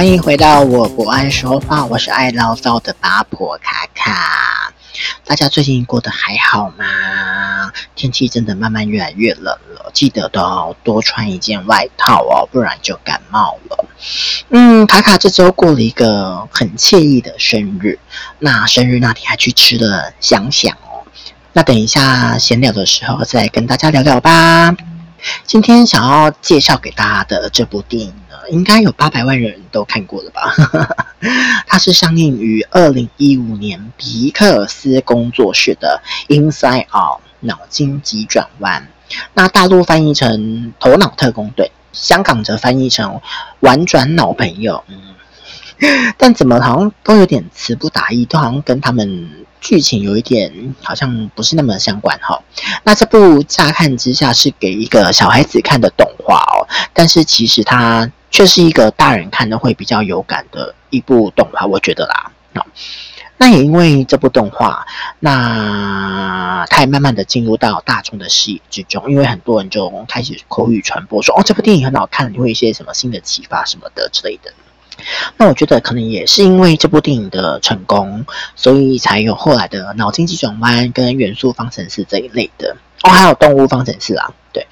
歡迎回到我不愛說話，我是愛嘮叨的八婆卡卡。大家最近過得還好嗎？天氣真的慢慢越來越冷了，記得都要多穿一件外套哦，不然就感冒了。嗯，卡卡這周過了一個很愜意的生日，那生日那天還去吃了，想想哦。那等一下閒聊的時候再跟大家聊聊吧。今天想要介紹給大家的這部電影。應該有八百萬人都看過了吧？ 它是上映於二零一五年皮克斯工作室的《Inside Out 腦筋急轉彎》，那大陸翻譯成《頭腦特工隊》，香港則翻譯成《玩轉腦朋友》。嗯，但怎麼好像都有點詞不達意，都好像跟他們劇情有一點好像不是那麼相關哈、哦。那這部乍看之下是給一個小孩子看的動畫哦，但是其實它。卻是一個大人看的會比較有感的一部動畫，我覺得啦。No. 那也因為這部動畫，那它也慢慢的進入到大眾的視野之中，因為很多人就開始口語傳播說，說哦這部電影很好看，你會有一些什麼新的啟發什麼的之類的。那我覺得可能也是因為這部電影的成功，所以才有後來的腦筋急轉彎跟元素方程式這一類的哦，還有動物方程式啊。對，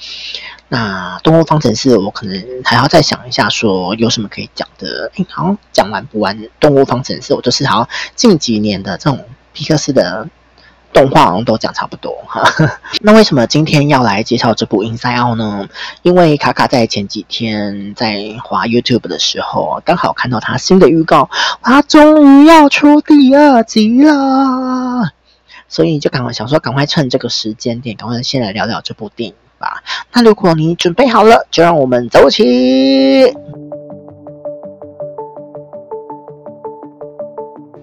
那動物方程式我可能還要再想一下，說有什麼可以講的。哎，好像講完不完動物方程式，我就是好近幾年的這種皮克斯的動畫好像都講差不多哈。那為什麼今天要來介紹這部 Inside Out 呢？因為卡卡在前幾天在滑 YouTube 的時候，剛好看到他新的預告，他終於要出第二集了，所以就趕快想說，趕快趁這個時間點，趕快先來聊聊這部電影吧，那如果你準備好了，就讓我們走起！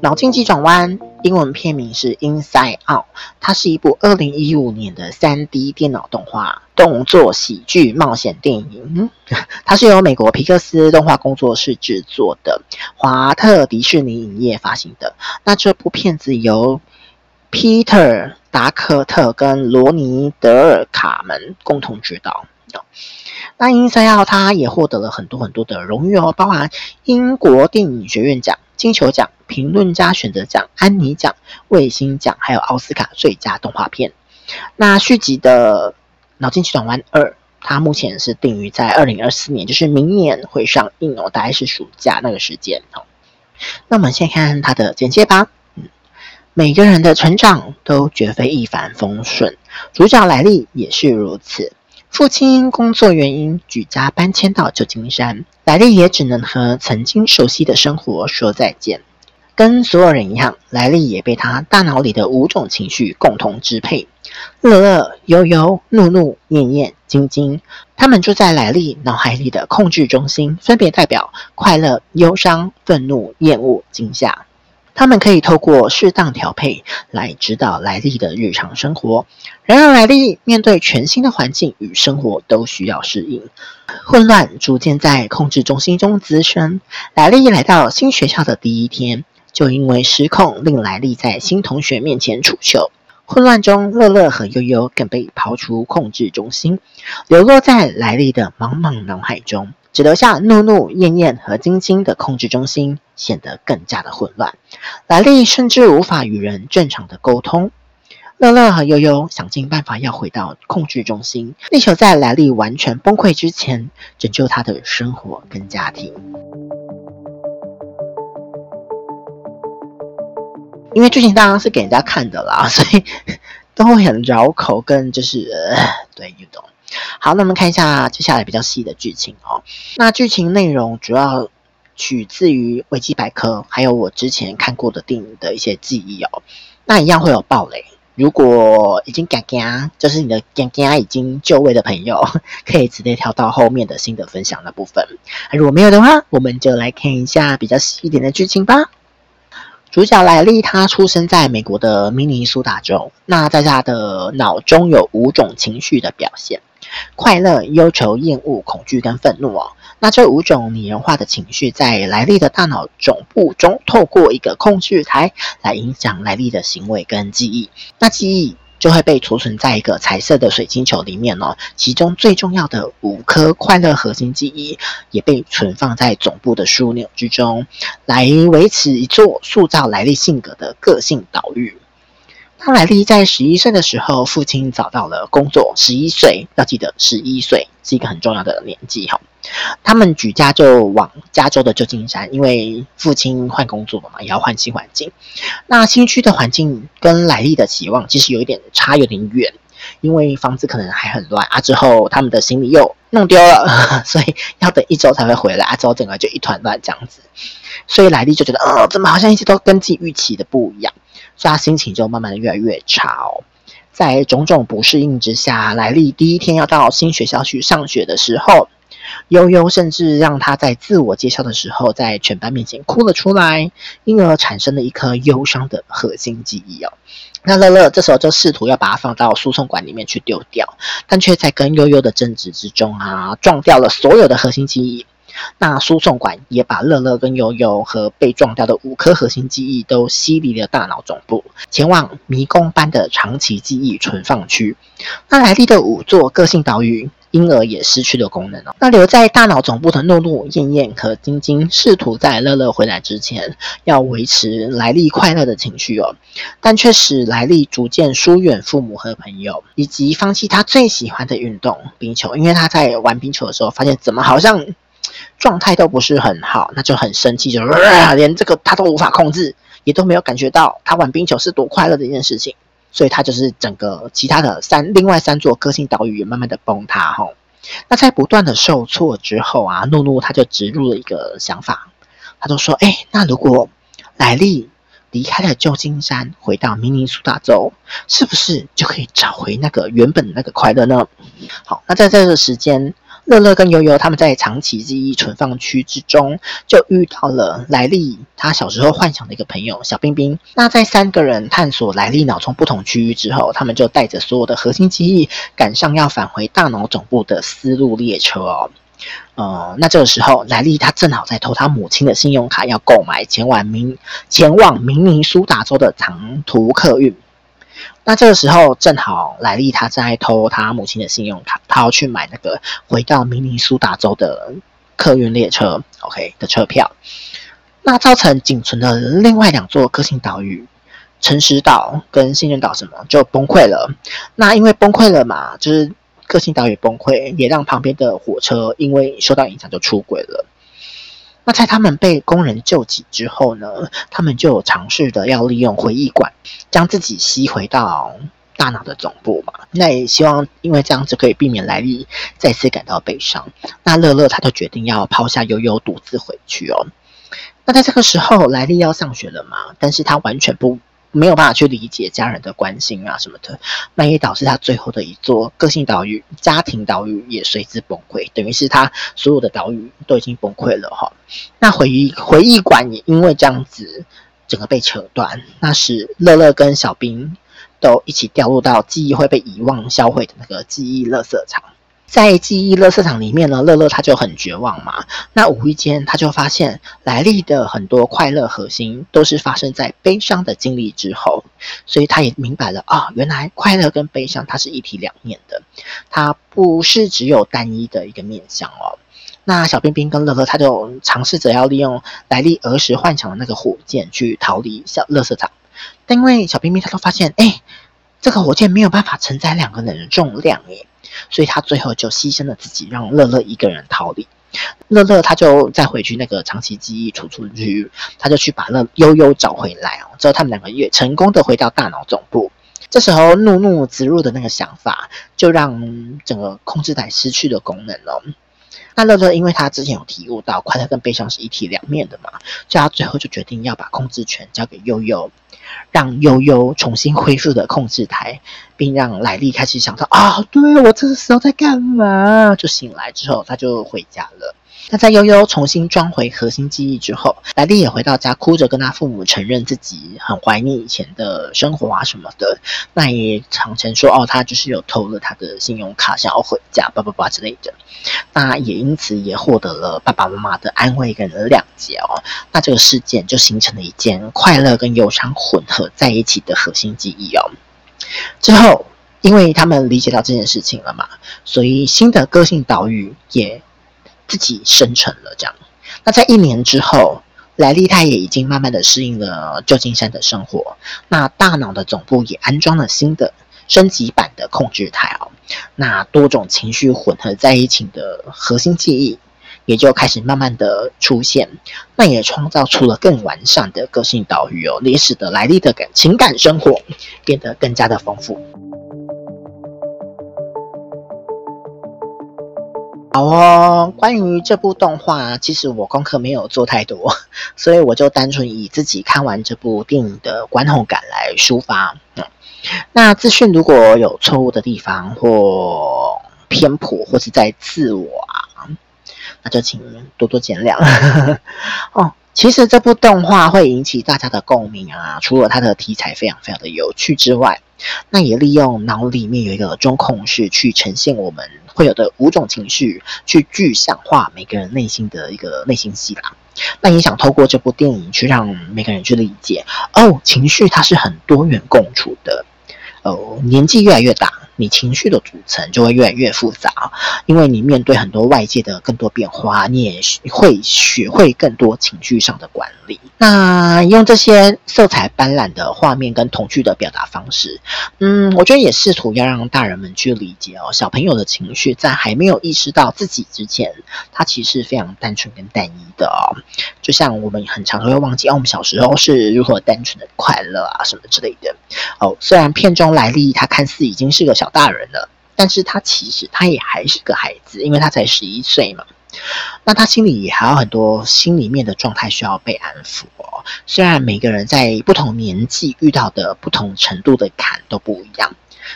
腦筋急轉彎，英文片名是 Inside Out，它是一部二零一五年的三 D 電腦動畫動作喜劇冒險電影。嗯，它是由美國皮克斯動畫工作室製作的，華特迪士尼影業發行的。那這部片子由 Peter 達克特跟羅尼·德爾卡門共同指導。那《Inside Out》他也獲得了很多很多的榮譽哦，包含英國電影學院獎、金球獎、評論家選擇獎、安妮獎、衛星獎，還有奧斯卡最佳動畫片。那續集的《腦筋急轉彎二》，它目前是定於在二零二四年，就是明年會上映哦，大概是暑假那個時間哦。那我們先看看它的簡介吧。每個人的成長都絕非一帆風順，主角萊利也是如此。父親因工作原因舉家搬遷到舊金山，萊利也只能和曾經熟悉的生活說再見。跟所有人一樣，萊利也被他大腦裡的五種情緒共同支配：樂樂、憂憂、怒怒、厭厭、驚驚。他們住在萊利腦海裡的控制中心，分別代表快樂、憂傷、憤怒、厭惡、驚嚇。他們可以透過適當調配來指導萊莉的日常生活。然而，萊莉面對全新的環境與生活都需要適應。混亂逐漸在控制中心中滋生。萊莉來到新學校的第一天，就因為失控令萊莉在新同學面前出糗。混亂中，樂樂和憂憂更被拋出控制中心，流落在萊莉的茫茫腦海中，只留下怒怒、厭厭和驚驚的控制中心，顯得更加的混亂。萊利甚至無法與人正常的溝通。樂樂和悠悠想盡辦法要回到控制中心，力求在萊莉完全崩潰之前拯救他的生活跟家庭。因為劇情當然是給人家看的啦，所以都會很繞口，跟就是、呃，對，你懂。好，那我們看一下接下來比較細的劇情哦。那劇情內容主要。取自於維基百科，還有我之前看過的電影的一些記憶哦。那一樣會有暴雷，如果已經 gagag 就是你的 gagag 已經就位的朋友，可以直接跳到後面的心得分享的部分、啊。如果沒有的話，我們就來看一下比較細一點的劇情吧。主角萊利他出生在美國的明尼蘇達州。那在他的腦中有五種情緒的表現：快樂、憂愁、厭惡、恐懼跟憤怒哦。那這五種擬人化的情緒，在萊利的大腦總部中，透過一個控制台來影響萊利的行為跟記憶。那記憶就會被儲存在一個彩色的水晶球裡面哦。其中最重要的五顆快樂核心記憶，也被存放在總部的樞紐之中，來維持一座塑造萊利性格的個性島嶼。那萊利在十一歲的時候，父親找到了工作。十一歲要記得11，十一歲是一個很重要的年紀哈、哦。他們舉家就往加州的舊金山，因為父親換工作了嘛，也要換新環境。那新區的環境跟萊莉的期望其實有一點差，有點遠，因為房子可能還很亂啊。之後他們的行李又弄丟了呵呵，所以要等一周才會回來。啊、之後整個就一團亂這樣子，所以萊莉就覺得，哦、呃，怎麼好像一直都跟自己預期的不一樣？所以他心情就慢慢的越來越差。在種種不適應之下，萊莉第一天要到新學校去上學的時候。悠悠甚至讓他在自我介紹的時候，在全班面前哭了出來，因而產生了一顆憂傷的核心記憶哦。那樂樂這時候就試圖要把它放到輸送管裡面去丟掉，但卻在跟悠悠的爭執之中啊，撞掉了所有的核心記憶。那輸送管也把樂樂跟悠悠和被撞掉的五顆核心記憶都吸離了大腦總部，前往迷宮般的長期記憶存放區。那來歷的五座個性島嶼。嬰兒也失去了功能哦。那留在大腦總部的怒怒、厭厭和驚驚試圖在樂樂回來之前，要維持萊莉快樂的情緒哦，但卻使萊莉逐漸疏遠父母和朋友，以及放棄他最喜歡的運動冰球，因為他在玩冰球的時候發現怎麼好像狀態都不是很好，那就很生氣，就連這個他都無法控制，也都沒有感覺到他玩冰球是多快樂的一件事情。所以它就是整個其他的三另外三座個性島嶼也慢慢的崩塌哈、哦,那在不斷的受挫之後啊，怒怒他就植入了一個想法，他就說哎，那如果萊莉離開了舊金山，回到明尼蘇達州，是不是就可以找回那個原本的那個快樂呢？好，那在這個時間。樂樂跟悠悠他們在長期記憶存放區之中，就遇到了萊利他小時候幻想的一個朋友小冰冰。那在三個人探索萊利腦中不同區域之後，他們就帶着所有的核心記憶趕上要返回大腦總部的思路列車哦。呃，那這個時候萊利他正好在偷他母親的信用卡要購買前往明前往明尼蘇達州的長途客運。那這個時候，正好萊利他在偷他母親的信用卡，他要去買那個回到明尼蘇達州的客運列車，OK 的車票。那造成僅存的另外兩座個性島嶼——誠實島跟信任島——什麼就崩潰了。那因為崩潰了嘛，就是個性島嶼崩潰，也讓旁邊的火車因為受到影響就出軌了。那在他們被工人救起之後呢，他們就嘗試的要利用回憶管，將自己吸回到大腦的總部嘛。那也希望因為這樣子可以避免萊莉再次感到悲傷。那樂樂他就決定要拋下悠悠，獨自回去哦。那在這個時候，萊莉要上學了嘛，但是他完全不沒有辦法去理解家人的關心啊什麼的，那也導致他最後的一座個性島嶼、家庭島嶼也隨之崩潰，等於是他所有的島嶼都已經崩潰了哈。那回憶回憶館也因為這樣子整個被扯斷，那時樂樂跟小兵都一起掉落到記憶會被遺忘銷毀的那個記憶垃圾場。在記憶垃圾場裡面呢，樂樂他就很絕望嘛。那無意間他就發現，萊利的很多快樂核心都是發生在悲傷的經歷之後，所以他也明白了啊、哦，原來快樂跟悲傷它是一體兩面的，它不是只有單一的一個面向哦。那小冰冰跟樂樂他就嘗試着要利用萊利兒時幻想的那個火箭去逃離小垃圾場，但因為小冰冰他都發現，哎，這個火箭沒有辦法承載兩個人的重量耶。所以他最後就犧牲了自己，讓樂樂一個人逃離。樂樂他就再回去那個長期記憶儲存區，他就去把樂悠悠找回來之後，他們兩個也成功的回到大腦總部。這時候怒怒植入的那個想法，就讓整個控制台失去了功能了。那樂樂因為他之前有體悟到快樂跟悲傷是一體兩面的嘛，所以他最後就決定要把控制權交給悠悠。讓悠悠重新恢復的控制台，並讓萊莉開始想到，啊，對，我這個時候在幹嘛？就醒來之後，她就回家了。那在悠悠重新裝回核心記憶之後，萊莉也回到家，哭着跟他父母承認自己很懷念以前的生活啊什麼的。那也坦承說，哦，他就是有偷了他的信用卡，想要回家，叭叭叭之類的。那也因此也獲得了爸爸媽媽的安慰跟諒解哦。那這個事件就形成了一件快樂跟憂傷混合在一起的核心記憶哦。之後，因為他們理解到這件事情了嘛，所以新的個性島嶼也。自己生成了這樣，那在一年之後，萊利他也已經慢慢的適應了舊金山的生活，那大腦的總部也安裝了新的升級版的控制台哦，那多種情緒混合在一起的核心記憶也就開始慢慢的出現，那也創造出了更完善的個性島嶼哦，也使得萊利的感情感生活變得更加的豐富。好哦，關於這部動畫，其實我功課沒有做太多，所以我就單純以自己看完這部電影的觀後感來抒發。嗯、那資訊如果有錯誤的地方或偏頗，或是在自我、啊，那就請多多見諒 哦。其實這部動畫會引起大家的共鳴啊，除了它的題材非常非常的有趣之外，那也利用腦裡面有一個中控室去呈現我們。會有的五種情緒，去具象化每個人內心的一個內心戲啦，那也想透過這部電影去讓每個人去理解哦，情緒它是很多元共處的哦。年紀越來越大，你情緒的組成就會越來越複雜，因為你面對很多外界的更多變化，你也會學會更多情緒上的管理。那用這些色彩斑斕的畫面跟童趣的表達方式，嗯，我覺得也試圖要讓大人們去理解哦，小朋友的情緒在還沒有意識到自己之前，他其實非常單純跟單一的哦。就像我們很常會忘記，哦，我們小時候是如何單純的快樂啊，什麼之類的。哦，雖然片中萊莉他看似已經是個小，大人了，但是他其實他也還是個孩子，因為他才十一歲嘛。那他心裡也還有很多心裡面的狀態需要被安撫哦。雖然每個人在不同年紀遇到的不同程度的坎都不一樣。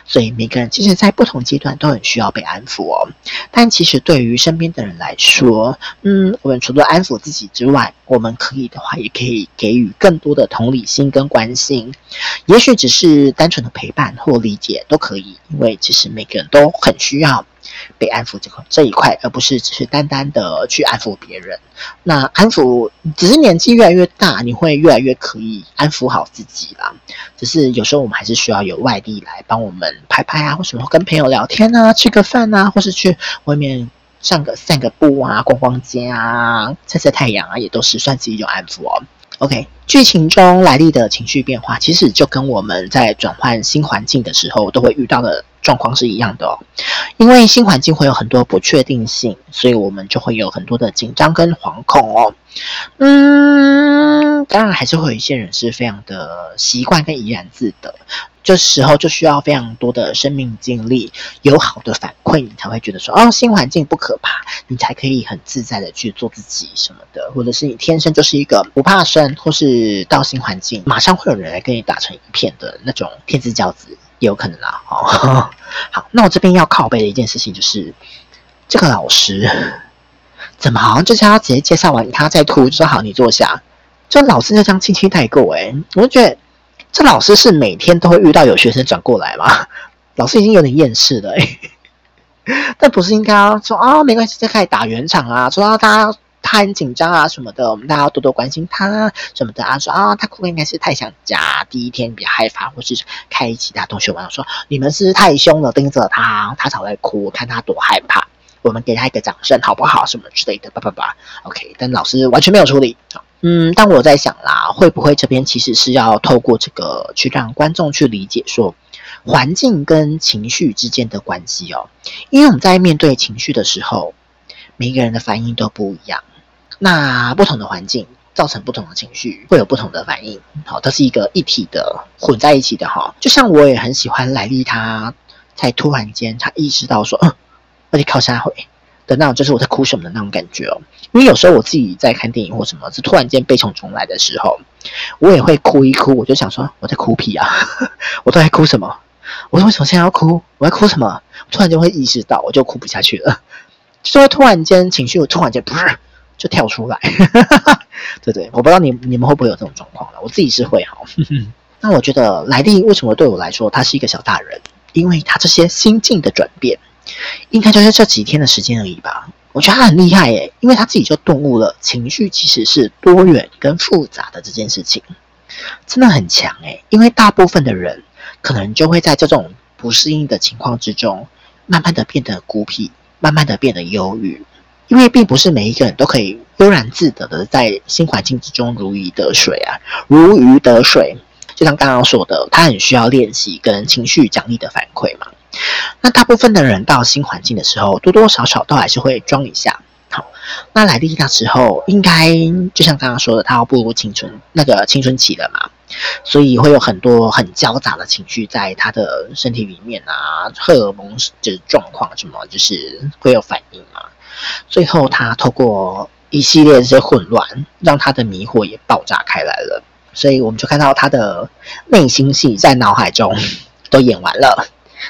所以每個人其實，在不同階段都很需要被安撫哦。但其實對於身邊的人來說，嗯，我們除了安撫自己之外，我們可以的話，也可以給予更多的同理心跟關心。也許只是單純的陪伴或理解都可以，因為其實每個人都很需要。被安撫這塊，這一塊，而不是只是單單的去安撫別人。那安撫只是年紀越來越大，你會越來越可以安撫好自己啦。只是有時候我們還是需要有外力來幫我們拍拍啊，或什麼跟朋友聊天啊，吃個飯啊，或是去外面上個散個步啊，逛逛街啊，曬曬太陽啊，也都是算是一種安撫哦。OK，劇情中萊莉的情緒變化，其實就跟我們在轉換新環境的時候都會遇到的狀況是一樣的哦。因為新環境會有很多不確定性，所以我們就會有很多的緊張跟惶恐哦。嗯，當然還是會有一些人是非常的習慣跟怡然自得。這時候就需要非常多的生命經歷，有好的反饋，你才會覺得說，哦，新環境不可怕，你才可以很自在的去做自己什麼的，或者是你天生就是一個不怕生，或是到新環境馬上會有人來跟你打成一片的那種天之驕子，也有可能啦、啊哦。好，那我這邊要靠背的一件事情就是，這個老師怎麼好像就是他直接介紹完他再吐，就說好，你坐下，就老師就這樣輕輕帶過，哎，我就覺得。這老師是每天都會遇到有學生轉過來嗎？老師已經有點厭世了欸，但不是應該啊？說啊，沒關係，再開始打圓場啊。說他他很緊張啊什麼的，我們大家多多關心他什麼的啊。說啊，他哭的應該是太想家，第一天比較害怕，或是開一其他同學玩笑。說你們是，是太凶了，盯着他，他常在哭，看他多害怕。我們給他一個掌聲好不好？什麼之類的，叭叭叭，OK，但老師完全沒有處理。嗯，但我在想啦，會不會這邊其實是要透過這個去讓觀眾去理解說，環境跟情緒之間的關係哦？因為我們在面對情緒的時候，每一個人的反應都不一樣。那不同的環境造成不同的情緒，會有不同的反應。好、哦，它是一個一體的混在一起的哈、哦。就像我也很喜歡萊利，他才突然間他意識到說，嗯，我得靠下回。的那種，就是我在哭什麼的那種感覺哦。因為有時候我自己在看電影或什麼，是突然間悲從中來的時候，我也會哭一哭。我就想說，我在哭屁啊，我都在哭什麼？我說為什麼現在要哭？我在哭什麼？突然間會意識到，我就哭不下去了，就是突然間情緒我突然間不是就跳出來。對對，我不知道你你們會不會有這種狀況了，我自己是會哈。那我覺得萊莉為什麼對我來說他是一個小大人？因為他這些心境的轉變。應該就是這幾天的時間而已吧。我覺得他很厲害耶，因為他自己就頓悟了情緒其實是多元跟複雜的這件事情，真的很強耶。因為大部分的人可能就會在這種不適應的情況之中，慢慢的變得孤僻，慢慢的變得憂鬱。因為並不是每一個人都可以悠然自得的在新環境之中如魚得水啊，如魚得水。就像剛剛說的，他很需要練習跟情緒獎勵的反饋。那大部分的人到新環境的時候，多多少少都還是會裝一下。好，那萊莉那時候應該就像剛剛說的，他要步入青春，那個青春期了嘛，所以會有很多很焦雜的情緒在他的身體裡面啊，荷爾蒙就是狀況什麼，就是會有反應嘛、啊。最後，他透過一系列這些混亂，讓他的迷惑也爆炸開來了。所以，我們就看到他的內心戲在腦海中都演完了。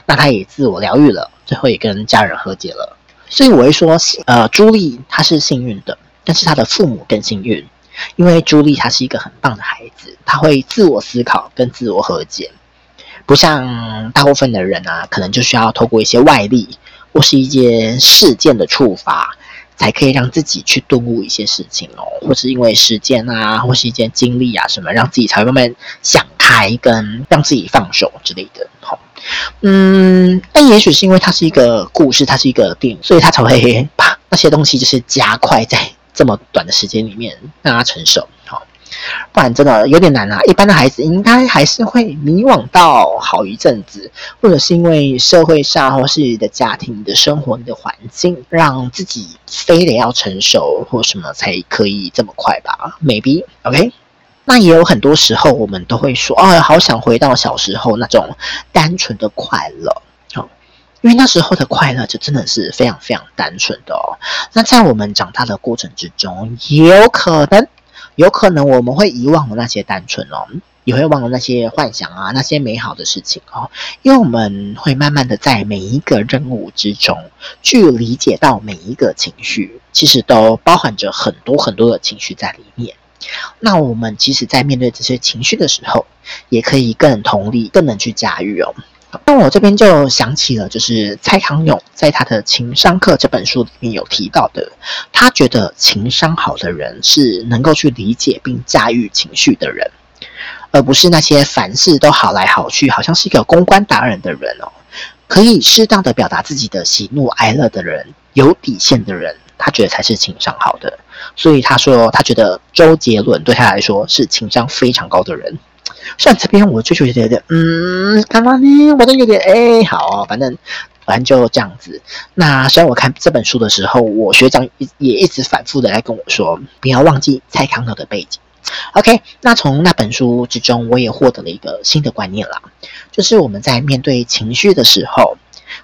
那他也自我療癒了，最後也跟家人和解了。所以我會說，呃，朱莉她是幸運的，但是她的父母更幸運，因為朱莉她是一個很棒的孩子，她會自我思考跟自我和解，不像大部分的人啊，可能就需要透過一些外力或是一些事件的觸發。才可以讓自己去頓悟一些事情哦，或是因為時間啊，或是一件經歷啊什麼，讓自己才會慢慢想開，跟讓自己放手之類的。好，嗯，但也許是因為它是一個故事，它是一個電影，所以它才會把那些東西就是加快在這麼短的時間裡面讓它成熟。不然真的有點難啊！一般的孩子應該還是會迷惘到好一陣子，或者是因為社會上或是你的家庭、你的生活、你的環境，讓自己非得要成熟或什麼才可以這麼快吧？Maybe OK。那也有很多時候，我們都會說：“哦，好想回到小時候那種單純的快樂。”嗯，因為那時候的快樂就真的是非常非常單純的哦。那在我們長大的過程之中，也有可能。有可能我們會遺忘了那些單純哦，也會忘了那些幻想啊，那些美好的事情哦，因為我們會慢慢的在每一個任務之中去理解到每一個情緒，其實都包含着很多很多的情緒在裡面。那我們其實，在面對這些情緒的時候，也可以更同理，更能去駕馭哦。那我這邊就想起了，就是蔡康永在他的《情商課》這本書裡面有提到的，他覺得情商好的人是能夠去理解並駕馭情緒的人，而不是那些凡事都好來好去，好像是一個公關達人的人哦。可以適當的表達自己的喜怒哀樂的人，有底線的人，他覺得才是情商好的。所以他說，他覺得周杰倫對他來說是情商非常高的人。雖然這邊我就覺得，嗯，幹嘛呢？我都有點，哎、欸，好、哦，反正反正就這樣子。那雖然我看這本書的時候，我學長也也一直反覆的來跟我說，不要忘記蔡康永的背景。OK，那從那本書之中，我也獲得了一個新的觀念了，就是我們在面對情緒的時候，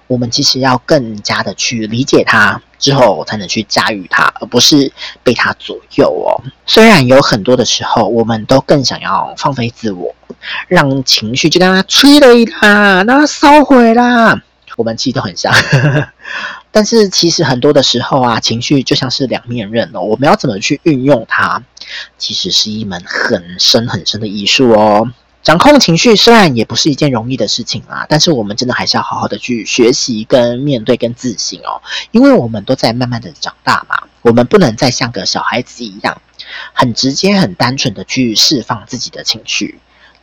我們其實要更加的去理解它，之後，才能去駕馭它，而不是被它左右哦。雖然有很多的時候，我們都更想要放飛自我，讓情緒就讓它催淚啦，讓它燒毀啦，我們其實都很像呵呵。但是其實很多的時候啊，情緒就像是兩面刃哦，我們要怎麼去運用它，其實是一門很深很深的藝術哦。掌控情緒雖然也不是一件容易的事情啊，但是我們真的還是要好好的去學習、跟面對、跟自信哦。因為我們都在慢慢的長大嘛，我們不能再像個小孩子一樣，很直接、很單純的去釋放自己的情緒。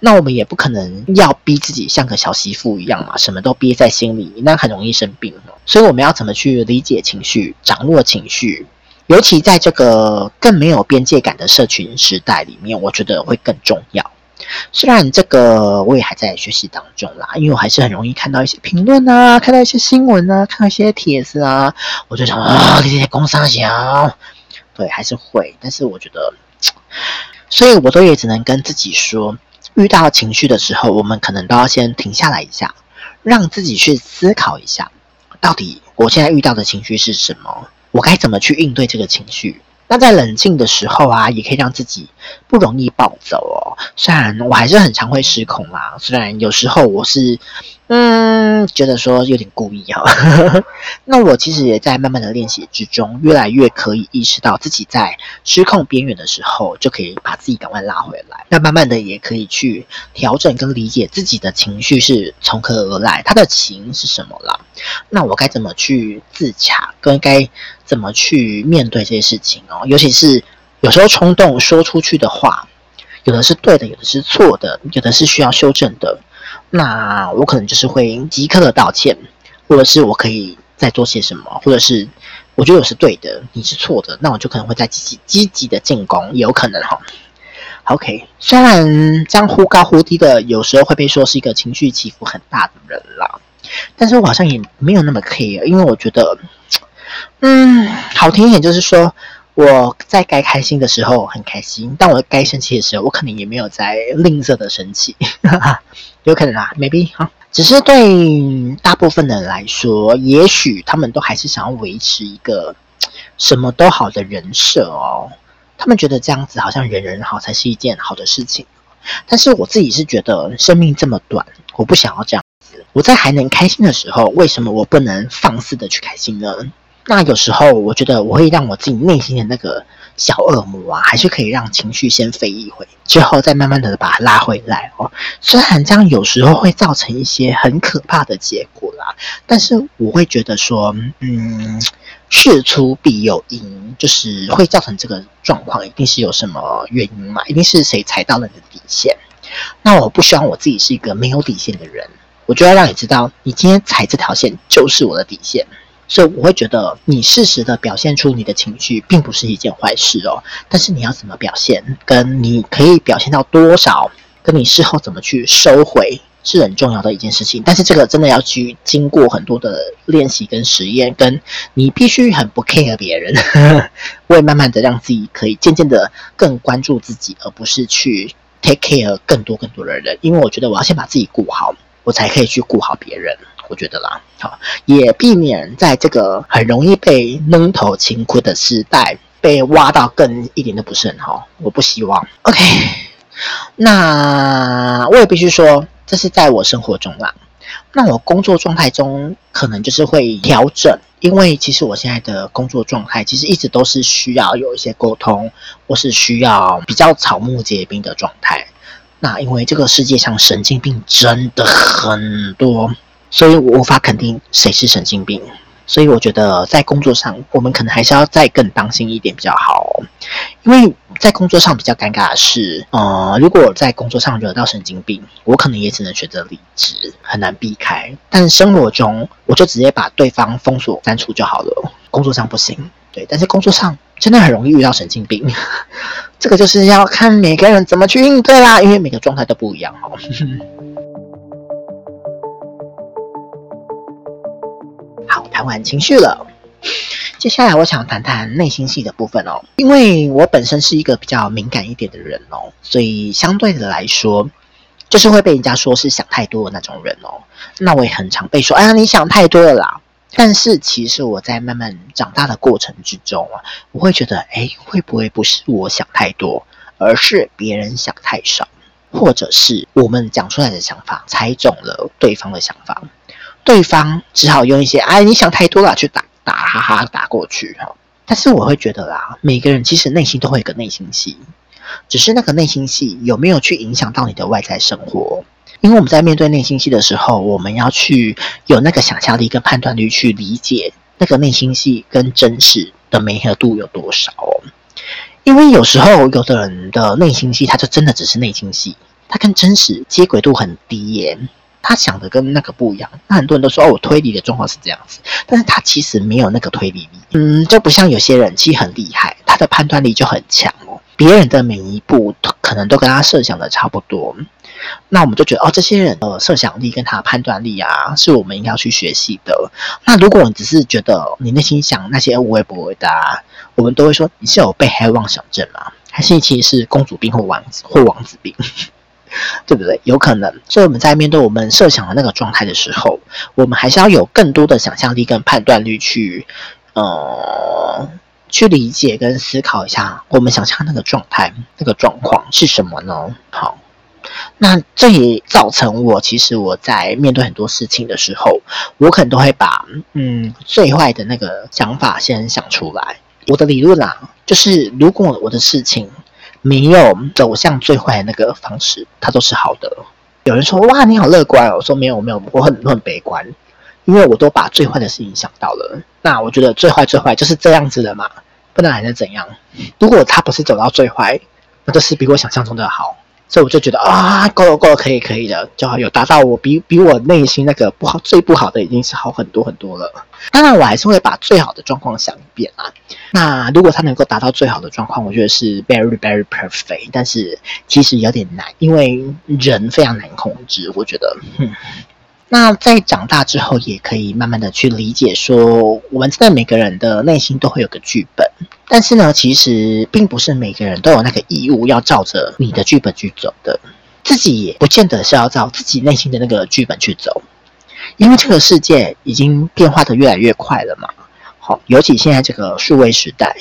那我們也不可能要逼自己像個小媳婦一樣嘛，什麼都憋在心裡，那很容易生病。所以我們要怎麼去理解情緒、掌握情緒，尤其在這個更沒有邊界感的社群時代裡面，我覺得會更重要。雖然這個我也還在學習當中啦，因為我還是很容易看到一些評論啊，看到一些新聞啊，看到一些帖子啊，我就想啊，這些公三小，對，還是會，但是我覺得，所以我都也只能跟自己說，遇到情緒的時候，我們可能都要先停下來一下，讓自己去思考一下，到底我現在遇到的情緒是什麼，我該怎麼去應對這個情緒。那在冷靜的時候啊，也可以讓自己不容易暴走哦。雖然我還是很常會失控啦，啊，雖然有時候我是，嗯。覺得說有點故意哈、哦， 那我其實也在慢慢的練習之中，越來越可以意識到自己在失控邊緣的時候，就可以把自己趕快拉回來。那慢慢的也可以去調整跟理解自己的情緒是從何而來，它的情是什麼了。那我該怎麼去自洽，跟該怎麼去面對這些事情哦？尤其是有時候衝動說出去的話，有的是對的，有的是錯的，有的是需要修正的。那我可能就是會即刻的道歉，或者是我可以再做些什麼，或者是我覺得我是對的，你是錯的，那我就可能會再積極積極的進攻，有可能哈、哦。OK，雖然這樣忽高忽低的，有時候會被說是一個情緒起伏很大的人啦，但是我好像也沒有那麼 care，因為我覺得，嗯，好聽一點就是說，我在該開心的時候很開心，但我該生氣的時候，我可能也沒有在吝嗇的生氣。 有可能啊，maybe 啊，只是對大部分的人來說，也許他們都還是想要維持一個什麼都好的人設哦。他們覺得這樣子好像人人好才是一件好的事情。但是我自己是覺得生命這麼短，我不想要這樣子。我在還能開心的時候，為什麼我不能放肆的去開心呢？那有時候，我覺得我會讓我自己內心的那個小惡魔啊，還是可以讓情緒先飛一回，之後再慢慢的把它拉回來哦。雖然這樣有時候會造成一些很可怕的結果啦，但是我會覺得說，嗯，事出必有因，就是會造成這個狀況，一定是有什麼原因嘛，一定是誰踩到了你的底線。那我不希望我自己是一個沒有底線的人，我就要讓你知道，你今天踩這條線就是我的底線。這我會覺得，你適時的表現出你的情緒，並不是一件壞事哦。但是你要怎麼表現，跟你可以表現到多少，跟你事後怎麼去收回，是很重要的一件事情。但是這個真的要去經過很多的練習跟實驗，跟你必須很不 care 別人，呵呵，我也慢慢的讓自己可以漸漸的更關注自己，而不是去 take care 更多更多的人。因為我覺得我要先把自己顧好，我才可以去顧好別人。我覺得啦，好，也避免在這個很容易被弄頭青枯的時代被挖到更一點都不是很好，我不希望。OK，那我也必須說，這是在我生活中啦。那我工作狀態中可能就是會調整，因為其實我現在的工作狀態其實一直都是需要有一些溝通，或是需要比較草木皆兵的狀態。那因為這個世界上神經病真的很多。所以我無法肯定誰是神經病，所以我覺得在工作上，我們可能還是要再更當心一點比較好。因為在工作上比較尷尬的是，呃，如果我在工作上惹到神經病，我可能也只能選擇離職，很難避開。但生活中，我就直接把對方封鎖刪除就好了。工作上不行，對，但是工作上真的很容易遇到神經病，呵呵，這個就是要看每個人怎麼去應對啦，因為每個狀態都不一樣哼、哦。好，談完情緒了，接下來我想談談內心戲的部分哦。因為我本身是一個比較敏感一點的人哦，所以相對的來說，就是會被人家說是想太多的那種人哦。那我也很常被說，哎呀，你想太多了啦。但是其實我在慢慢長大的過程之中啊，我會覺得，哎、欸，會不會不是我想太多，而是別人想太少，或者是我們講出來的想法猜中了對方的想法？對方只好用一些“哎，你想太多了”去打打哈哈打過去哈。但是我會覺得啦，每個人其實內心都會有一個內心戲，只是那個內心戲有沒有去影響到你的外在生活？因為我們在面對內心戲的時候，我們要去有那個想象力跟判斷力去理解那個內心戲跟真實的媒合度有多少。因為有時候有的人的內心戲，它就真的只是內心戲，它跟真實接軌度很低耶。他想的跟那個不一樣，那很多人都說哦，我推理的狀況是這樣子，但是他其實沒有那個推理力，嗯，就不像有些人其實很厲害，他的判斷力就很強哦。別人的每一步可能都跟他設想的差不多，那我們就覺得哦，這些人呃，設想力跟他的判斷力啊，是我們應該要去學習的。那如果你只是覺得你內心想那些，我也不會答，啊，我們都會說你是有被害妄想症嗎，還是其實是公主病或王子或王子病？對不對？有可能，所以我們在面對我們設想的那個狀態的時候，我們還是要有更多的想象力跟判斷力去，嗯、呃，去理解跟思考一下我們想象的那個狀態、那個狀況是什麼呢？好，那這也造成我其實我在面對很多事情的時候，我可能都會把嗯最壞的那個想法先想出來。我的理論啦、啊，就是如果我的事情。沒有走向最壞的那個方式，它都是好的。有人說：“哇，你好樂觀哦。”我說：“沒有，沒有，我很我很悲觀，因為我都把最壞的事情想到了。那我覺得最壞最壞就是這樣子的嘛，不然還能怎樣？如果他不是走到最壞，那就是比我想象中的好。”所以我就覺得啊，夠了夠了，可以可以的。就好有達到我比比我內心那個不好最不好的已經是好很多很多了。當然我還是會把最好的狀況想一遍啊，那如果他能夠達到最好的狀況，我覺得是 very very perfect。但是其實有點難，因為人非常難控制，我覺得，哼、嗯。那在長大之後，也可以慢慢的去理解，說我們現在每個人的內心都會有個劇本，但是呢，其實並不是每個人都有那個義務要照着你的劇本去走的，自己也不見得是要照自己內心的那個劇本去走，因為這個世界已經變化得越來越快了嘛。好，尤其現在這個數位時代。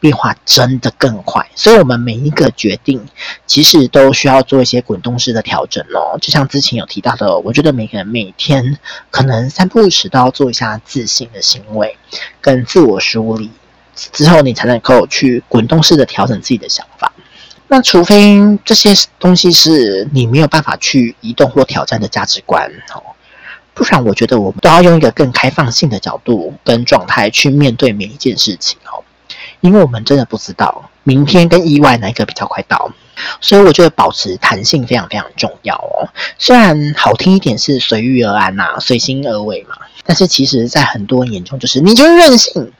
變化真的更快，所以，我們每一個決定其實都需要做一些滾動式的調整哦。就像之前有提到的，我覺得每個人每天可能三不五時都要做一下自省的行為，跟自我梳理之後，你才能夠去滾動式的調整自己的想法。那除非這些東西是你沒有辦法去移動或挑戰的價值觀哦，不然，我覺得我們都要用一個更開放性的角度跟狀態去面對每一件事情哦。因為我們真的不知道明天跟意外哪一個比較快到，所以我覺得保持彈性非常非常重要哦。雖然好聽一點是隨遇而安吶、啊，隨心而為嘛，但是其實，在很多人眼中，就是你就是任性。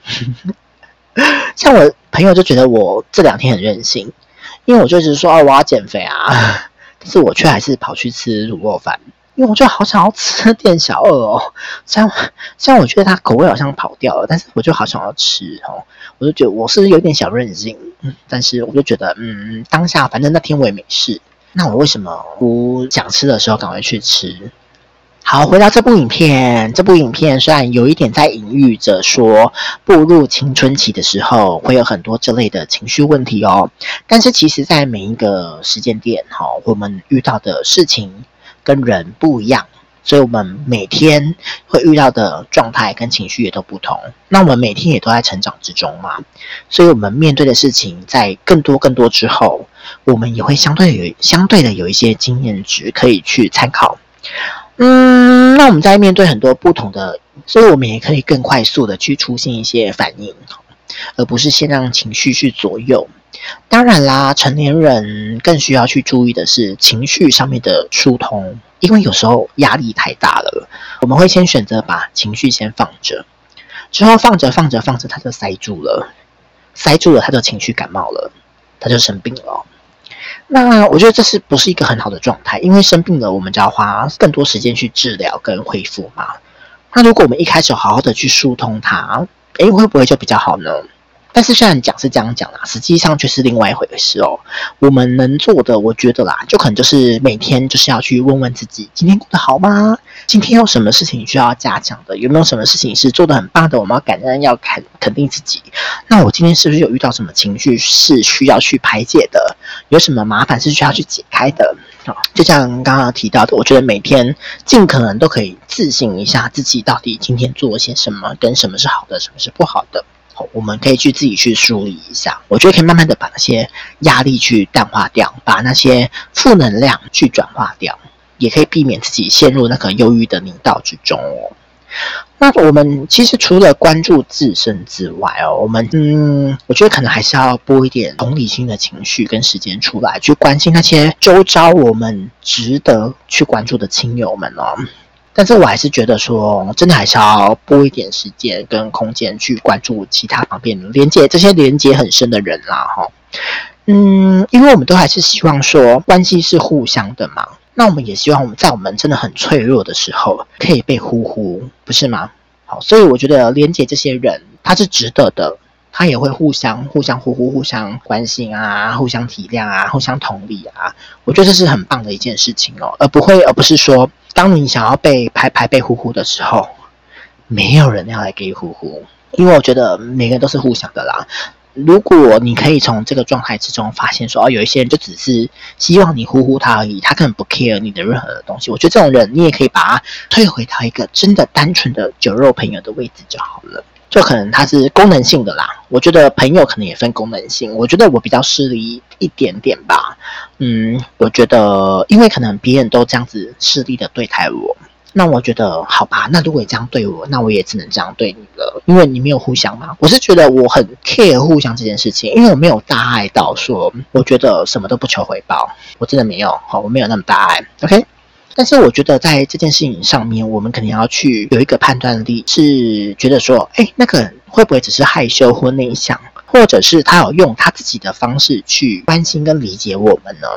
像我朋友就覺得我這兩天很任性，因為我就是說啊，我要減肥啊，但是我卻還是跑去吃滷肉飯。因為我就好想要吃店小二哦，雖然雖然我覺得它口味好像跑掉了，但是我就好想要吃哦，我就覺得我是有點小任性，嗯，但是我就覺得，嗯，當下反正那天我也沒事，那我為什麼不想吃的時候趕快去吃？好，回到這部影片，這部影片雖然有一點在隱喻着說，步入青春期的時候會有很多這類的情緒問題哦，但是其實在每一個時間點哈，我們遇到的事情，跟人不一樣，所以我們每天會遇到的狀態跟情緒也都不同。那我們每天也都在成長之中嘛，所以我們面對的事情在更多更多之後，我們也會相對有相對的有一些經驗值可以去參考。嗯，那我們在面對很多不同的，所以我們也可以更快速的去出現一些反應，而不是先讓情緒去左右。當然啦，成年人更需要去注意的是情緒上面的疏通，因為有時候壓力太大了，我們會先選擇把情緒先放着，之後放着放着放着，他就塞住了，塞住了他就情緒感冒了，他就生病了。那我覺得這是不是一個很好的狀態？因為生病了，我們就要花更多時間去治療跟恢復嘛。那如果我們一開始好好的去疏通它，誒，會不會就比較好呢？但是雖然講是這樣講啦，實際上卻是另外一回事哦。我們能做的，我覺得啦，就可能就是每天就是要去問問自己，今天過得好嗎？今天有什麼事情需要加強的？有沒有什麼事情是做得很棒的？我們要感恩，要肯肯定自己。那我今天是不是有遇到什麼情緒是需要去排解的？有什麼麻煩是需要去解開的？啊、哦，就像剛剛提到的，我覺得每天儘可能都可以自省一下自己到底今天做了些什麼，跟什麼是好的，什麼是不好的。我們可以去自己去梳理一下，我覺得可以慢慢的把那些壓力去淡化掉，把那些負能量去轉化掉，也可以避免自己陷入那個憂鬱的泥沼之中哦。那我們其實除了關注自身之外哦，我們嗯，我覺得可能還是要撥一點同理心的情緒跟時間出來，去關心那些周遭我們值得去關注的親友們哦。但是我還是覺得說，真的還是要撥一點時間跟空間去關注其他方面的連接，這些連接很深的人啦，哈、哦，嗯，因為我們都還是希望說關係是互相的嘛，那我們也希望我們在我們真的很脆弱的時候可以被呼呼，不是嗎？好、哦，所以我覺得連接這些人他是值得的，他也會互相互相互呼呼，互相關心啊，互相體諒啊，互相同理啊，我覺得這是很棒的一件事情哦，而不會而不是說。當你想要被拍拍被呼呼的時候，沒有人要來給你呼呼，因為我覺得每個人都是互相的啦。如果你可以從這個狀態之中發現說，哦，有一些人就只是希望你呼呼他而已，他可能不 care 你的任何的東西。我覺得這種人，你也可以把他退回到一個真的單純的酒肉朋友的位置就好了。就可能它是功能性的啦，我覺得朋友可能也分功能性。我覺得我比較勢利一點點吧，嗯，我覺得因為可能別人都這樣子勢利的對待我，那我覺得好吧，那如果你這樣對我，那我也只能這樣對你了，因為你沒有互相嘛。我是覺得我很 care 互相這件事情，因為我沒有大愛到說我覺得什麼都不求回報，我真的沒有，好，我沒有那麼大愛。OK。但是我覺得在這件事情上面，我們肯定要去有一個判斷力，是覺得說，哎，那個人會不會只是害羞或內向，或者是他有用他自己的方式去關心跟理解我們呢？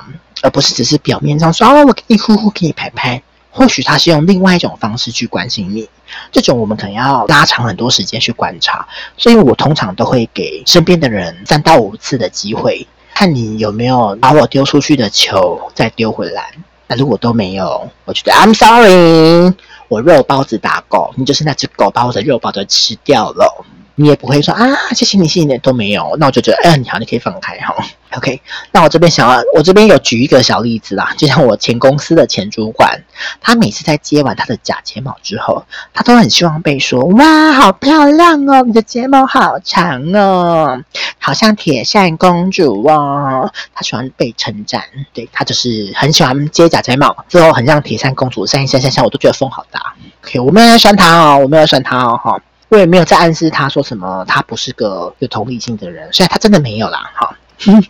而不是只是表面上說，哦，我給你呼呼，給你拍拍。或許他是用另外一種方式去關心你，這種我們可能要拉長很多時間去觀察。所以我通常都會給身邊的人三到五次的機會，看你有沒有把我丟出去的球再丟回來。啊，如果都沒有，我覺得 I'm sorry，我肉包子打狗，你就是那隻狗，把我的肉包子吃掉了。你也不會說啊，謝謝你，一點都沒有。那我就覺得，哎，你好，你可以放開哈、哦。OK，那我這邊想要，我這邊有舉一個小例子啦，就像我前公司的前主管，他每次在接完他的假睫毛之後，他都很希望被說，哇，好漂亮哦，你的睫毛好長哦，好像鐵扇公主哦。他喜歡被稱讚，對，他就是很喜歡接假睫毛之後，很像鐵扇公主扇一下扇一下，我都覺得風好大。OK，我們要算他哦，我們要算他哦，我也沒有在暗示他說什麼，他不是個有同理心的人，雖然他真的沒有啦，好、哦，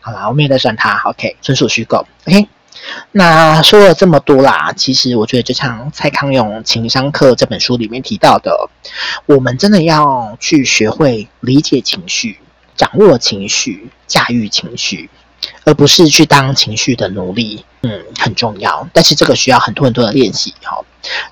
好啦，我沒有在算他，OK，純屬虛構，OK。那說了這麼多啦，其實我覺得就像蔡康永《情商課》這本書裡面提到的，我們真的要去學會理解情緒、掌握情緒、駕馭情緒，而不是去當情緒的奴隸，嗯，很重要，但是這個需要很多很多的練習，好、哦。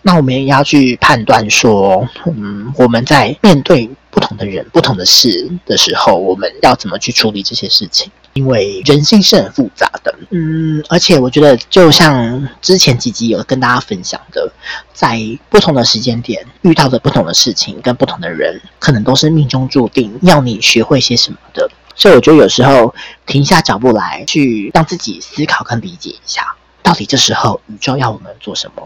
那我們也要去判斷說，嗯，我們在面對不同的人、不同的事的時候，我們要怎麼去處理這些事情？因為人性是很複雜的，嗯，而且我覺得，就像之前幾集有跟大家分享的，在不同的時間點遇到的不同的事情跟不同的人，可能都是命中注定要你學會些什麼的。所以我覺得有時候停下腳步來，去讓自己思考跟理解一下，到底這時候宇宙要我們做什麼？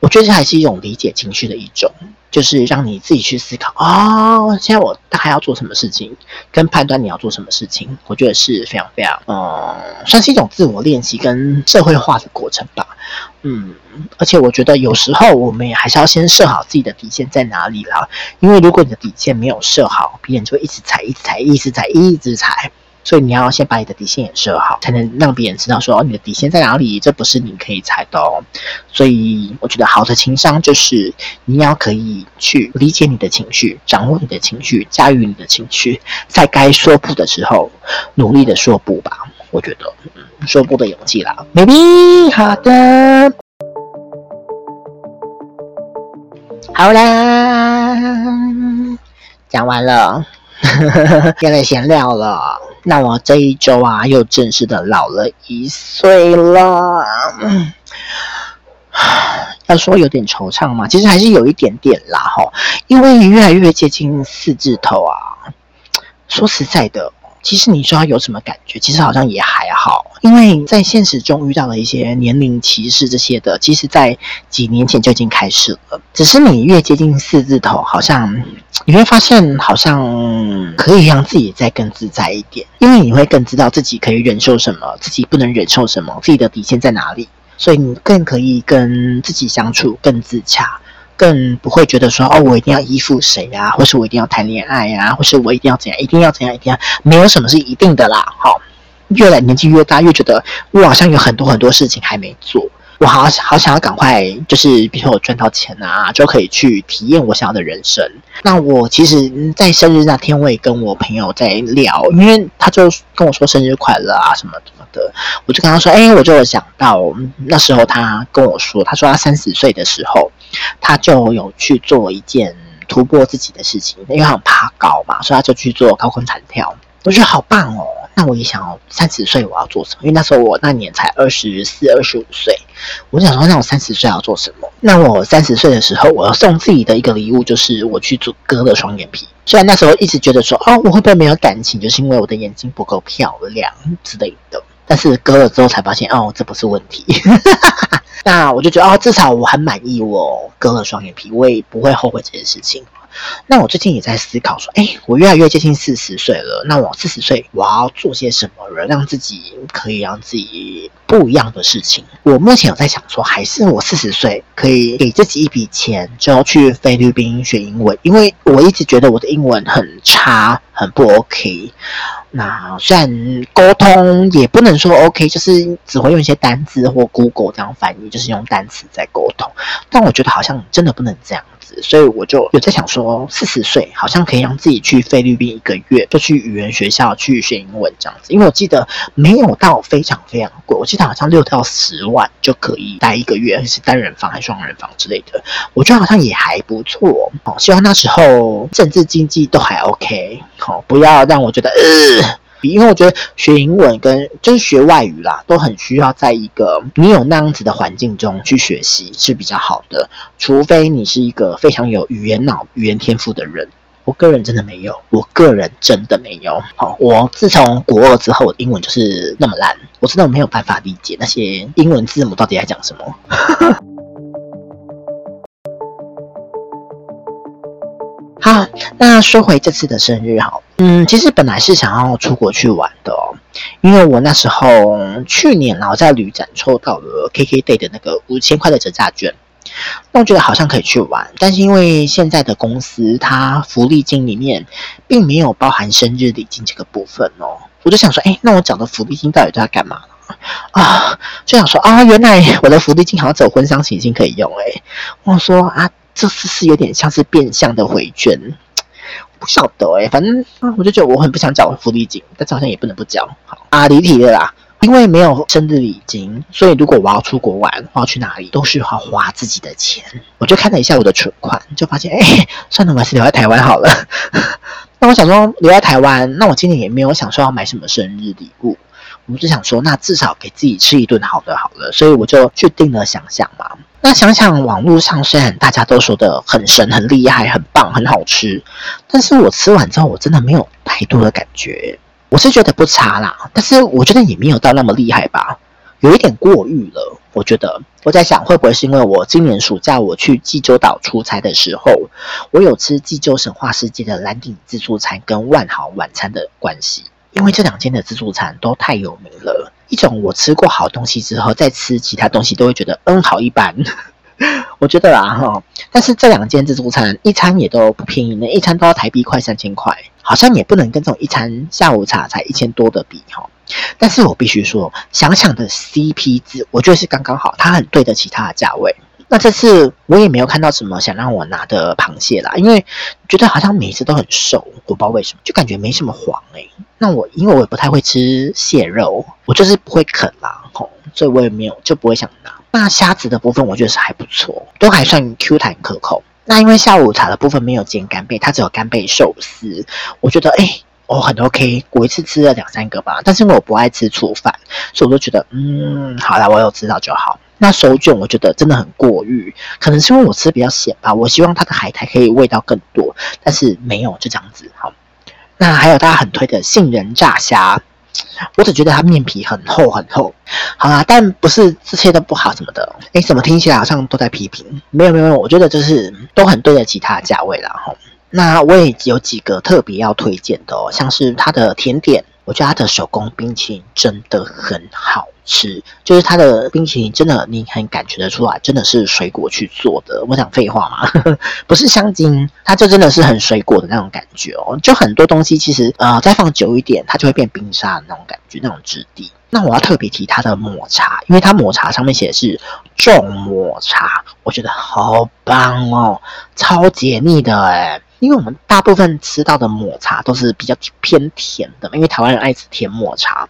我覺得這還是一種理解情緒的一種，就是讓你自己去思考哦，現在我大概要做什麼事情，跟判斷你要做什麼事情，我覺得是非常非常嗯，算是一種自我練習跟社會化的過程吧，嗯，而且我覺得有時候我們也還是要先設好自己的底線在哪裡啦，因為如果你的底線沒有設好，別人就會一直踩，一直踩，一直踩，一直踩。所以你要先把你的底線也設好，才能讓別人知道說哦，你的底線在哪裡，這不是你可以踩的哦。所以我覺得好的情商就是你要可以去理解你的情緒，掌握你的情緒，駕馭你的情緒，在該說不的時候努力的說不吧。我覺得嗯，說不的勇氣啦，baby，好的，好啦，講完了， 現在閒聊了。那我這一周啊，又正式的老了一歲了。嗯，要說有點惆悵嘛，其實還是有一點點啦，哈，因為越來越接近四字頭啊。說實在的。其實你說他有什麼感覺？其實好像也還好，因為在現實中遇到的一些年齡歧視這些的，其實在幾年前就已經開始了。只是你越接近四字頭，好像你會發現，好像可以讓自己再更自在一點，因為你會更知道自己可以忍受什麼，自己不能忍受什麼，自己的底線在哪裡，所以你更可以跟自己相處更自洽。更不會覺得說哦，我一定要依附誰呀、啊，或是我一定要談戀愛呀、啊，或是我一定要怎樣，一定要怎樣，一定要，沒有什麼是一定的啦。好、哦，越來年紀越大，越覺得我好像有很多很多事情還沒做，我好好想要趕快，就是比如說我賺到錢啊，就可以去體驗我想要的人生。那我其實，在生日那天，我也跟我朋友在聊，因為他就跟我說生日快樂啊什麼的。的，我就跟他說，哎，我就有想到，嗯，那時候他跟我說，他說他三十歲的時候，他就有去做一件突破自己的事情，因為他很怕高嘛，所以他就去做高空彈跳。我覺得好棒哦！那我也想三十歲我要做什麼？因為那時候我那年才二十四、二十五歲，我想說，那我三十歲要做什麼？那我三十歲的時候，我要送自己的一個禮物，就是我去做割了雙眼皮。雖然那時候一直覺得說，哦，我會不會沒有感情，就是因為我的眼睛不夠漂亮之類的。但是割了之後才發現，哦，這不是問題。 那我就覺得，哦，至少我很滿意，我割了雙眼皮，我也不會後悔這件事情。那我最近也在思考，說，哎，我越來越接近四十歲了，那我四十歲我要做些什麼人，人讓自己可以讓自己不一樣的事情。我目前有在想說，說還是我四十歲可以給自己一筆錢，就要去菲律賓學英文，因為我一直覺得我的英文很差。很不 OK，那雖然溝通也不能說 OK，就是只會用一些單字或 Google 這樣翻譯，就是用單詞在溝通。但我覺得好像真的不能這樣子，所以我就有在想說40，四十歲好像可以讓自己去菲律賓一個月，就去語言學校去學英文這樣子。因為我記得沒有到非常非常貴，我記得好像六到十萬就可以待一個月，是單人房還是雙人房之類的。我覺得好像也還不錯哦。希望那時候政治經濟都還 OK。好，不要讓我覺得，呃，因為我覺得學英文跟就是學外語啦，都很需要在一個你有那樣子的環境中去學習是比較好的，除非你是一個非常有語言腦、語言天賦的人。我個人真的沒有，我個人真的沒有。好、哦，我自從國二之後，我的英文就是那麼爛，我真的沒有辦法理解那些英文字母到底在講什麼。 好、啊，那說回這次的生日哈，嗯，其實本來是想要出國去玩的、哦，因為我那時候去年然、啊、後在旅展，抽到了 KK Day 的那個五千塊的折價券，那我覺得好像可以去玩，但是因為現在的公司它福利金裡面並沒有包含生日禮金這個部分哦，我就想說，哎，那我繳的福利金到底都要幹嘛呢啊？就想說啊、哦，原來我的福利金好像只有婚喪喜慶可以用，哎，我說啊。這次是有點像是變相的回卷，不曉得哎、欸，反正啊、嗯，我就覺得我很不想交福利金，但是好像也不能不交。好，阿、啊、離題了啦，因為沒有生日禮金，所以如果我要出國玩，我要去哪裡，都是要花自己的錢。我就看了一下我的存款，就發現哎，算了，還是留在台灣好了。 那我想說留在台灣，那我今年也沒有想說要買什麼生日禮物，我就想說那至少給自己吃一頓好的好了，所以我就確定了想想嘛。那想想網絡上雖然大家都說的很神、很厲害、很棒、很好吃，但是我吃完之後我真的沒有太多的感覺。我是覺得不差啦，但是我覺得也沒有到那麼厲害吧，有一點過譽了。我覺得我在想，會不會是因為我今年暑假我去濟州島出差的時候，我有吃濟州神話世界的藍鼎自助餐跟萬豪晚餐的關係。因為這兩間的自助餐都太有名了，一種我吃過好東西之後再吃其他東西都會覺得嗯，好一般，我覺得啦哈。但是這兩間自助餐一餐也都不便宜呢，一餐都要台幣快三千塊，好像也不能跟這種一餐下午茶才一千多的比哈。但是我必須說，想想的 CP 值我覺得是剛剛好，它很對得起它的價位。那這次我也沒有看到什麼想讓我拿的螃蟹啦，因為覺得好像每一只都很瘦，我不知道為什麼，就感覺沒什麼黃哎、欸。那我因為我也不太會吃蟹肉，我就是不會啃啦吼，所以我也沒有就不會想拿。那蝦子的部分我覺得是還不錯，都還算 Q 彈可口。那因為下午茶的部分沒有煎干貝，它只有干貝壽司，我覺得誒、欸，哦很 OK，我一次吃了兩三個吧。但是因為我不愛吃醋飯，所以我都覺得嗯，好啦，我有吃到就好。那手卷我覺得真的很過譽，可能是因為我吃比較鹹吧。我希望它的海苔可以味道更多，但是沒有就這樣子好。那還有大家很推的杏仁炸蝦，我只覺得它麵皮很厚很厚，好啦、啊，但不是這些都不好什麼的，哎，怎麼聽起來好像都在批評？沒有沒有，我覺得就是都很對得起它的價位了哈。那我也有幾個特別要推薦的哦，像是它的甜點，我覺得它的手工冰淇淋真的很好。吃就是它的冰淇淋，真的你很感覺得出來，真的是水果去做的。我講廢話嗎？ 不是香精，它就真的是很水果的那種感覺哦。就很多東西其實呃，再放久一點，它就會變冰沙的那種感覺、那種質地。那我要特別提它的抹茶，因為它抹茶上面寫的是重抹茶，我覺得好棒哦，超解膩的哎。因為我們大部分吃到的抹茶都是比較偏甜的，因為台灣人愛吃甜抹茶。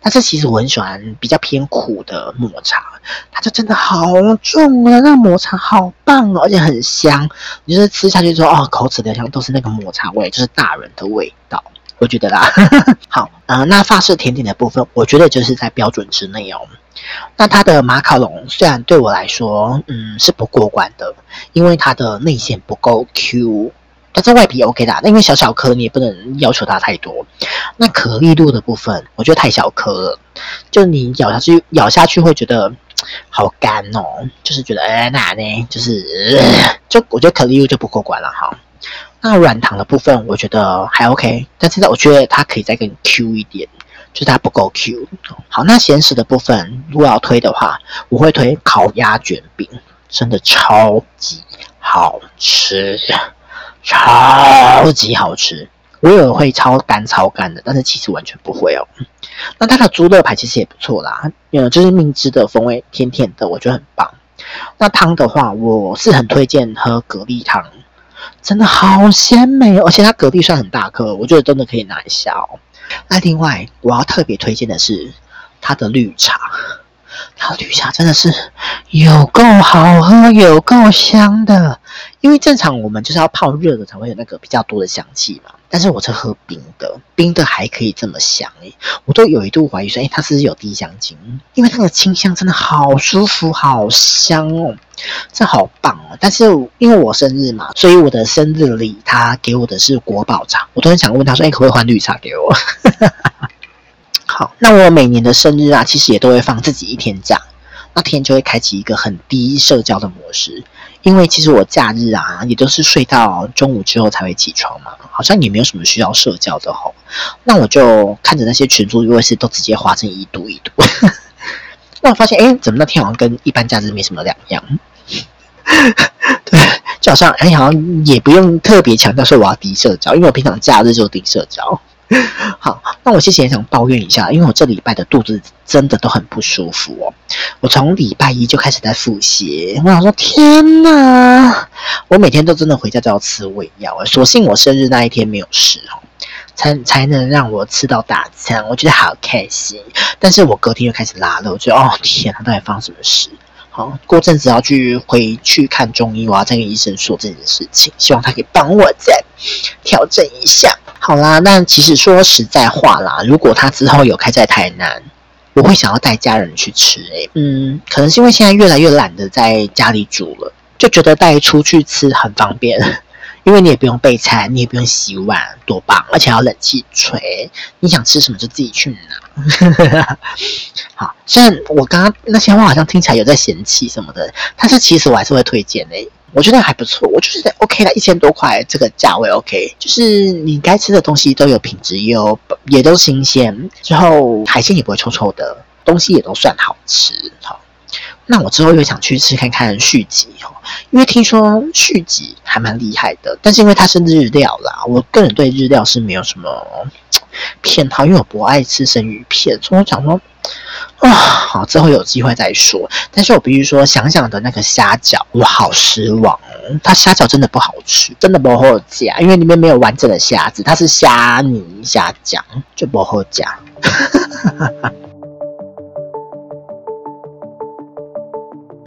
但是其實我很喜歡比較偏苦的抹茶，它就真的好重啊！那個、抹茶好棒哦，而且很香。你就是吃下去之後哦，口齒留香都是那個抹茶味，就是大人的味道，我覺得啦。 好、呃，那法式甜點的部分，我覺得就是在標準之內哦。那它的馬卡龍雖然對我來說，嗯，是不過關的，因為它的內餡不夠 Q。啊、這外皮 OK 的，那因為小小顆，你也不能要求它太多。那可麗露的部分，我覺得太小顆了，就你咬下去咬下去會覺得好乾哦，就是覺得哎、欸、那呢，就是、呃、就我覺得可麗露就不過關了哈。那軟糖的部分，我覺得還 OK，但現在我覺得它可以再更 Q 一點，就是它不夠 Q。好，那鹹食的部分，如果要推的話，我會推烤鴨卷餅，真的超級好吃。超級好吃，我以為會超乾超乾的，但是其實完全不會哦。那它的豬肋排其實也不錯啦，呃就是蜜汁的風味，甜甜的，我覺得很棒。那湯的話，我是很推薦喝蛤蜊湯，真的好鮮美，而且它蛤蜊算很大顆，我覺得真的可以拿一下哦。那另外，我要特別推薦的是它的綠茶。他綠茶真的是有夠好喝，有夠香的。因為正常我們就是要泡熱的才會有那個比較多的香氣嘛。但是我是喝冰的，冰的還可以這麼香誒、欸。我都有一度懷疑說，誒、欸，他是不是有低香精？因為它的清香真的好舒服，好香哦，這好棒哦、啊。但是因為我生日嘛，所以我的生日禮他給我的是國寶茶。我都很想問他說，誒、欸，可不可以換綠茶給我？ 好，那我每年的生日啊，其實也都會放自己一天假，那天就會開啟一個很低社交的模式，因為其實我假日啊也都是睡到中午之後才會起床嘛，好像也沒有什麼需要社交的吼。那我就看着那些群組、會議室都直接劃成一堵一堵， 那我發現，哎，怎麼那天好像跟一般假日沒什麼兩樣？ 對，就好像哎，好像也不用特別強調說我要低社交，因為我平常假日就低社交。好，那我其實也想抱怨一下，因為我這禮拜的肚子真的都很不舒服哦。我從禮拜一就開始在腹瀉，我想說天哪，我每天都真的回家都要吃胃藥啊。我所幸我生日那一天沒有事哦，才才能讓我吃到大餐，我覺得好開心。但是我隔天又開始拉了，我覺得哦天哪，到底發生什麼事？好，過陣子要去回去看中醫，我要再跟醫生說這件事情，希望他可以幫我再調整一下。好啦，那其實說實在話啦，如果他之後有開在台南，我會想要帶家人去吃誒、欸。嗯，可能是因為現在越來越懶得在家裡煮了，就覺得帶出去吃很方便，因為你也不用備菜，你也不用洗碗，多棒！而且要冷氣吹，你想吃什麼就自己去拿。 好，雖然我剛剛那些話好像聽起來有在嫌棄什麼的，但是其實我還是會推薦誒、欸。我覺得還不錯，我就是覺得 OK 啦，一千多塊這個價位 OK，就是你該吃的東西都有品質，也有也都新鮮，之後海鮮也不會臭臭的，東西也都算好吃哈、哦。那我之後又想去吃看看續集、哦、因為聽說續集還蠻厲害的，但是因為它是日料啦，我個人對日料是沒有什麼偏好，因為我不愛吃生魚片，所以我講說。哇、哦，好，之後有機會再說。但是我必須說想想的那個蝦餃，我好失望、哦，它蝦餃真的不好吃，真的不好夾，因為裡面沒有完整的蝦子，它是蝦泥蝦醬，就不好夾。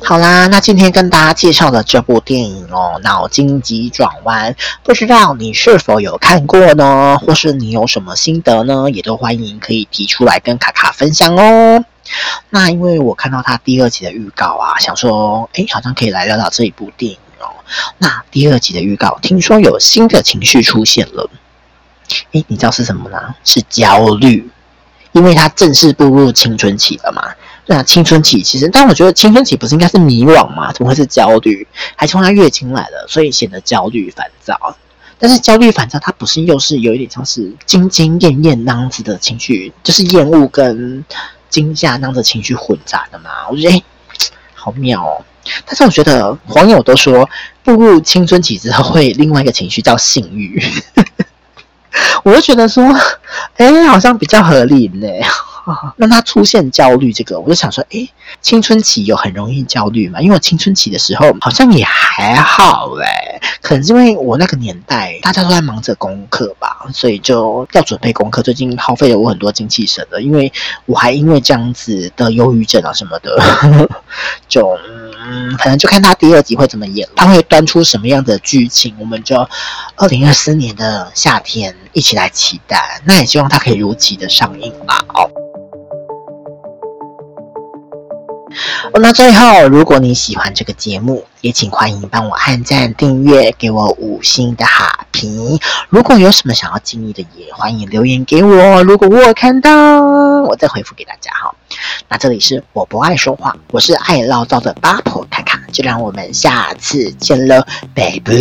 好啦，那今天跟大家介紹的這部電影哦，《腦筋急轉彎》，不知道你是否有看過呢？或是你有什麼心得呢？也都歡迎可以提出來跟卡卡分享哦。那因為我看到他第二集的預告啊，想說，哎，好像可以來聊聊這一部電影哦。那第二集的預告，聽說有新的情緒出現了。哎，你知道是什麼呢？是焦慮，因為他正式步入青春期了嘛。那、啊、青春期其實，但我覺得青春期不是應該是迷惘嗎？怎麼會是焦慮？還從他月經來的，所以顯得焦慮煩躁。但是焦慮煩躁，他不是又是有一點像是兢兢業業那樣子的情緒，就是厭惡跟。驚嚇那樣的情緒混雜的嘛，我覺得哎，好妙哦。但是我覺得網友都說，步入青春期之後會另外一個情緒叫性慾， 我就覺得說，哎、欸，好像比較合理嘞。啊，讓他出現焦慮這個，我就想說，欸，青春期有很容易焦慮嗎？因為我青春期的時候好像也還好哎，可能是因為我那個年代大家都在忙着功課吧，所以就要準備功課。最近耗費了我很多精氣神的。因為我還因為這樣子的憂鬱症啊什麼的，呵呵就，嗯，反正就看他第二集會怎麼演，他會端出什麼樣的劇情，我們就二零二四年的夏天一起來期待。那也希望他可以如期的上映吧，哦。Oh, 那最後，如果你喜歡這個節目，也請歡迎幫我按讚、訂閱，給我五星的好評。如果有什麼想要經歷的，也歡迎留言給我。如果我看到，我再回復給大家哈。那這裡是我不愛說話，我是愛嘮叨的八婆卡卡，就讓我們下次見嘍，拜拜。